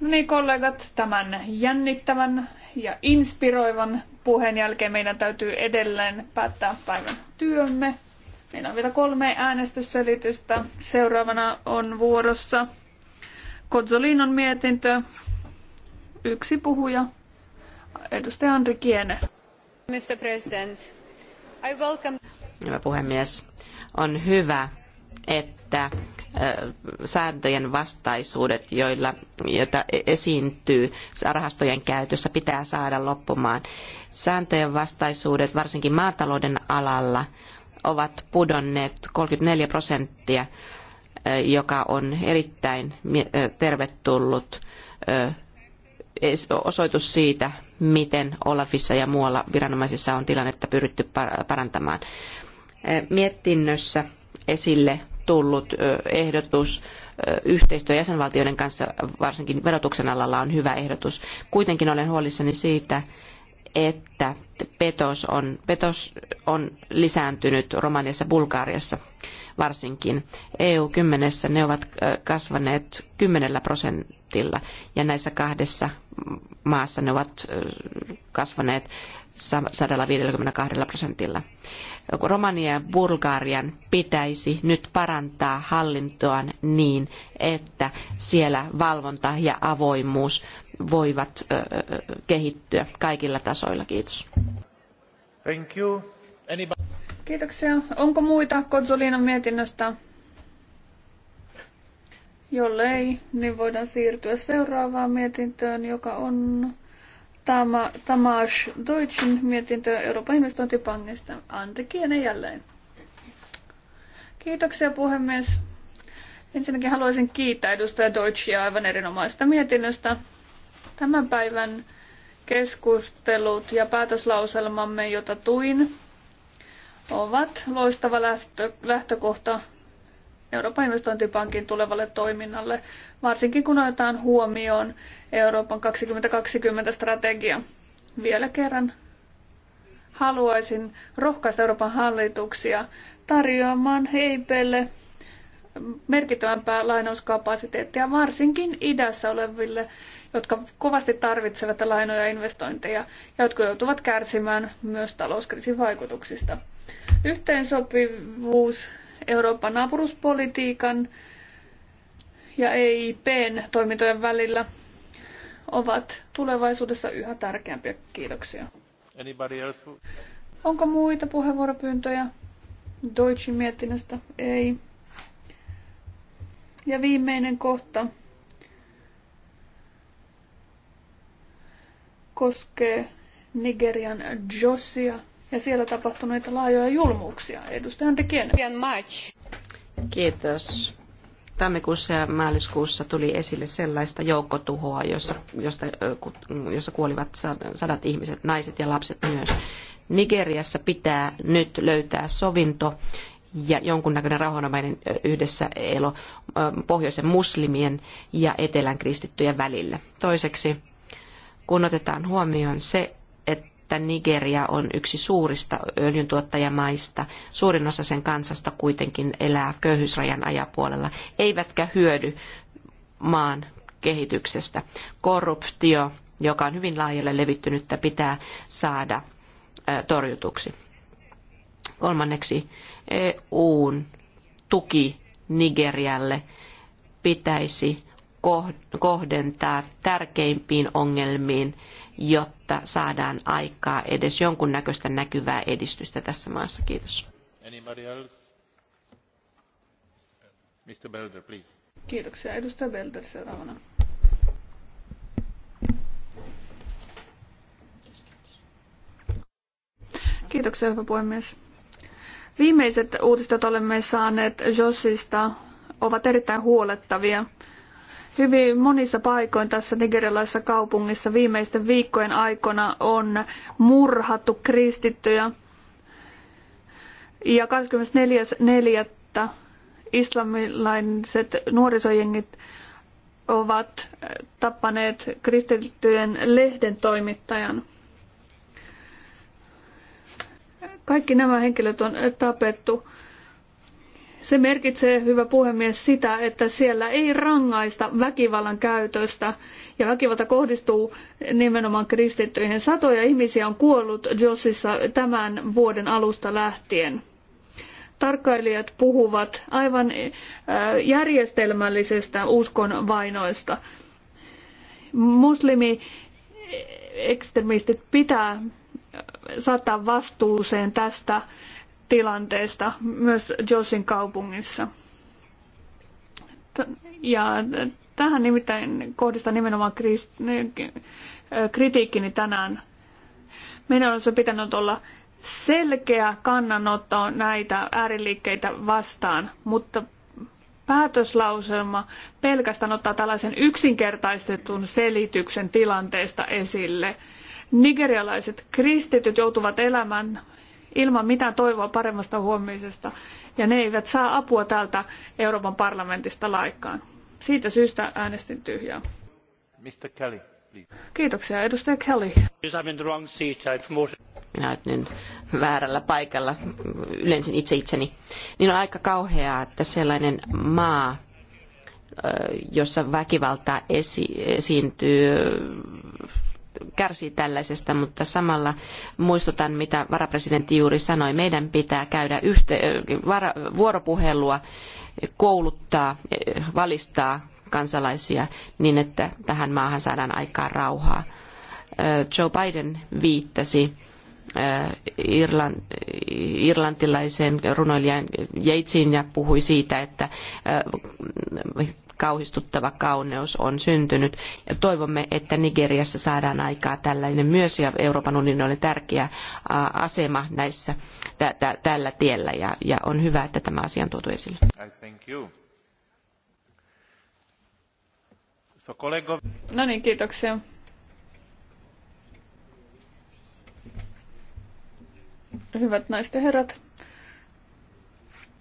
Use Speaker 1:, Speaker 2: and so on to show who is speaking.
Speaker 1: No niin kollegat, tämän jännittävän ja inspiroivan puheen jälkeen meidän täytyy edelleen päättää päivän työmme. Meillä on vielä kolme äänestysselitystä. Seuraavana on vuorossa Kozzolinon mietintö. Yksi puhuja, edustaja Andri Kiene. Mr. President, I welcome...
Speaker 2: Hyvä puhemies. On hyvä, että sääntöjen vastaisuudet, joilla, joita e- esiintyy rahastojen käytössä, pitää saada loppumaan. Sääntöjen vastaisuudet, varsinkin maatalouden alalla, ovat pudonneet 34 prosenttia, joka on erittäin tervetullut osoitus siitä, miten Olafissa ja muualla viranomaisissa on tilannetta pyritty parantamaan. Mietinnössä esille Tullut ehdotus. Yhteistyö jäsenvaltioiden kanssa, varsinkin verotuksen alalla, on hyvä ehdotus. Kuitenkin olen huolissani siitä, että petos on, petos on lisääntynyt Romaniassa ja Bulgariassa varsinkin. EU-10 ne ovat kasvaneet 10 prosentilla ja näissä kahdessa maassa ne ovat kasvaneet 152 prosentilla. Romania ja Bulgarian pitäisi nyt parantaa hallintoaan niin, että siellä valvonta ja avoimuus voivat kehittyä kaikilla tasoilla. Kiitos. Thank you. Anybody?
Speaker 1: Kiitoksia. Onko muita Kotsolinon mietinnöstä? Jollei, niin voidaan siirtyä seuraavaan mietintöön, joka on Tämä Tamas Deutschin mietintö Euroopan investointipankista. Ante Kiene jälleen. Kiitoksia puhemies. Ensinnäkin haluaisin kiittää edustaja Deutschia aivan erinomaista mietinnöstä. Tämän päivän keskustelut ja päätöslauselmamme, jota tuin, ovat loistava lähtö, lähtökohta Euroopan investointipankin tulevalle toiminnalle, varsinkin kun otetaan huomioon Euroopan 2020-strategia. Vielä kerran haluaisin rohkaista Euroopan hallituksia tarjoamaan heipelle merkittävämpää lainauskapasiteettia varsinkin idässä oleville, jotka kovasti tarvitsevat lainoja ja investointeja ja jotka joutuvat kärsimään myös talouskriisin vaikutuksista. Yhteensopivuus Euroopan naapuruspolitiikan ja EIPn toimintojen välillä ovat tulevaisuudessa yhä tärkeämpiä. Kiitoksia. Onko muita puheenvuoropyyntöjä Deutschin mietinnöstä? Ei. Ja viimeinen kohta koskee Nigerian Josia ja siellä tapahtuneita laajoja julmuuksia. Edustaja Andri Kienen.
Speaker 2: Kiitos. Tammikuussa ja maaliskuussa tuli esille sellaista joukkotuhoa, jossa, josta, jossa kuolivat sadat ihmiset, naiset ja lapset myös. Nigeriassa pitää nyt löytää sovinto ja jonkunnäköinen rauhanomainen yhdessä elo pohjoisen muslimien ja etelän kristittyjen välillä. Toiseksi, kun otetaan huomioon se, että Nigeria on yksi suurista öljyntuottajamaista. Suurin osa sen kansasta kuitenkin elää köyhyysrajan ajapuolella, eivätkä hyödy maan kehityksestä. Korruptio, joka on hyvin laajalle levittynyttä, pitää saada torjutuksi. Kolmanneksi EUn tuki Nigerialle pitäisi kohdentaa tärkeimpiin ongelmiin jotta saadaan aikaa edes jonkunnäköistä näkyvää edistystä tässä maassa. Kiitos.
Speaker 1: Mr. Belder, please. Kiitoksia. Edustaja Belder seuraavana. Kiitoksia, hyvä puhemies. Viimeiset uutiset, joita olemme saaneet Josista, ovat erittäin huolettavia. Hyvin monissa paikoin tässä nigerilaisessa kaupungissa viimeisten viikkojen aikana on murhattu kristittyjä. Ja 24.4. islamilaiset nuorisojengit ovat tappaneet kristittyjen lehden toimittajan. Kaikki nämä henkilöt on tapettu se merkitsee, hyvä puhemies, sitä, että siellä ei rangaista väkivallan käytöstä. Ja väkivalta kohdistuu nimenomaan kristittyihin. Satoja ihmisiä on kuollut Jossissa tämän vuoden alusta lähtien. Tarkkailijat puhuvat aivan äh, järjestelmällisestä vainoista. Muslimi ekstremistit pitää äh, saattaa vastuuseen tästä tilanteesta myös Josin kaupungissa. Ja tähän nimittäin kohdistan nimenomaan kritiikkini tänään. Meidän olisi pitänyt olla selkeä kannanotto näitä ääriliikkeitä vastaan, mutta päätöslauselma pelkästään ottaa tällaisen yksinkertaistetun selityksen tilanteesta esille. Nigerialaiset kristityt joutuvat elämään ilman mitään toivoa paremmasta huomisesta. Ja ne eivät saa apua täältä Euroopan parlamentista laikkaan. Siitä syystä äänestin tyhjää. Mr. Kelly,
Speaker 2: Kiitoksia, edustaja Kelly. Minä olen nyt väärällä paikalla, ylensin itse itseni. Niin on aika kauheaa, että sellainen maa, jossa väkivaltaa esi- esiintyy kärsii tällaisesta, mutta samalla muistutan, mitä varapresidentti juuri sanoi. Meidän pitää käydä vuoropuhelua, kouluttaa, valistaa kansalaisia niin, että tähän maahan saadaan aikaan rauhaa. Joe Biden viittasi Äh, irlantilaisen runoilijan Yeatsin ja puhui siitä, että äh, kauhistuttava kauneus on syntynyt. Ja toivomme, että Nigeriassa saadaan aikaan tällainen myös ja Euroopan unioni on tärkeä äh, asema näissä tällä tiellä ja, ja, on hyvä, että tämä asia on tuotu esille.
Speaker 1: No niin, kiitoksia. Hyvät naiset ja herrat,